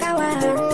look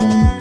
time.